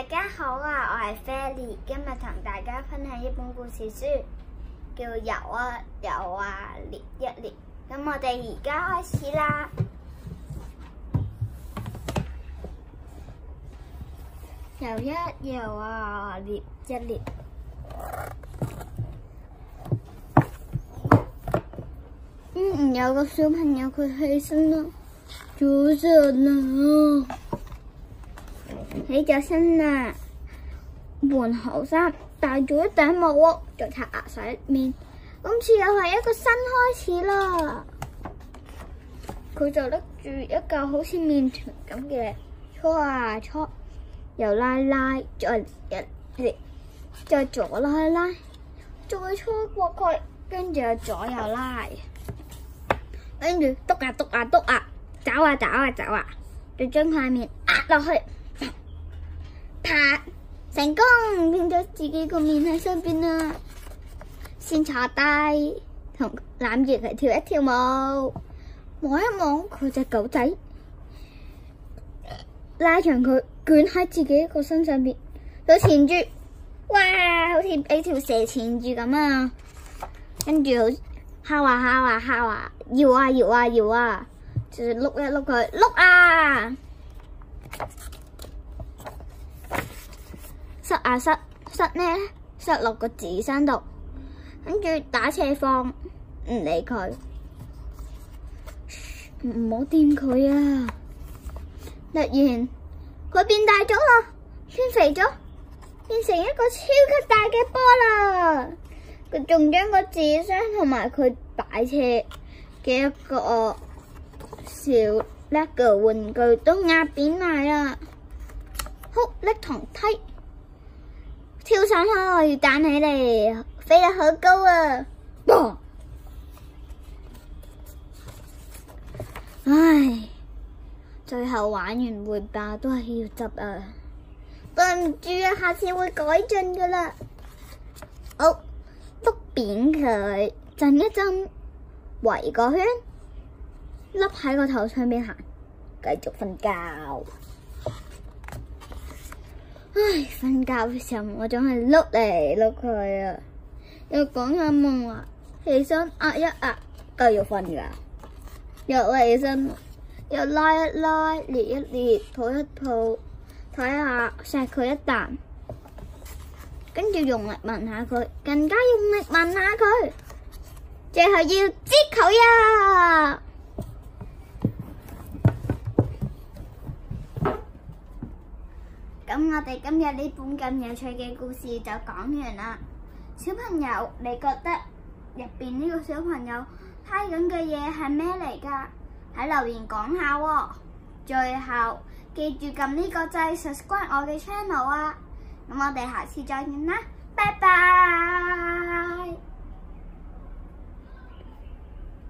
大家好啊，我係 Fairy，今日同大家分享一本故事書，叫揉啊揉啊捏一捏，咁我哋而家開始啦，揉一揉啊捏一捏。嗯，有個小朋友佢起身啦，早晨啦。起咗身啦，換好衫，戴咗一頂帽，再擦牙洗面。今次又係一個新開始啦。佢就拎住一嚿好似麵團咁嘅搓啊搓，又拉拉，再一捏，再左拉拉，再搓過佢，跟住又左右拉，跟住篤啊篤啊篤啊，走啊走啊走啊，就將塊麵壓落去。.成功變咗自己個面喺上邊啊！先坐低，同攬住佢跳一跳舞，摸一摸佢隻狗仔，拉長佢捲喺自己個身上邊，有纏住，哇！好似俾條蛇纏住咁啊！跟住好敲啊敲啊敲啊，搖啊搖啊搖啊，就碌一碌佢碌啊！塞啊塞，塞咩咧？塞落個紙箱度，跟住打斜放，唔理佢，噓，唔好掂佢啊！突然佢變大咗啦，變肥咗，變成一個超級大嘅波啦！佢仲將個紙箱同埋佢擺車嘅一個小 LEGO 玩具都壓扁埋啦，哭搦糖梯。跳上去，彈起嚟，飛得好高啊！唉，最後玩完會爆，都係要執啊！對唔住啊，下次會改進㗎喇。好，碌扁佢，震一震，圍個圈，笠喺個頭上面行，繼續瞓覺。唉，瞓覺嘅時候我總係碌嚟碌去啊！又講下夢話，啊，起身壓，啊、一壓，又要瞓啦。又起身，啊，又拉一拉，捏一捏，抱一抱，睇下錫佢一啖。跟住用力聞下佢，更加用力聞下佢，最後要接佢啊！咁我哋今日呢本咁有趣嘅故事就講完啦，小朋友你覺得入邊呢個小朋友睇緊嘅嘢係咩嚟㗎？喺留言講下喎、哦。最後記住撳呢個掣 subscribe 我嘅 channel 啊！咁我哋下次再見啦，拜拜。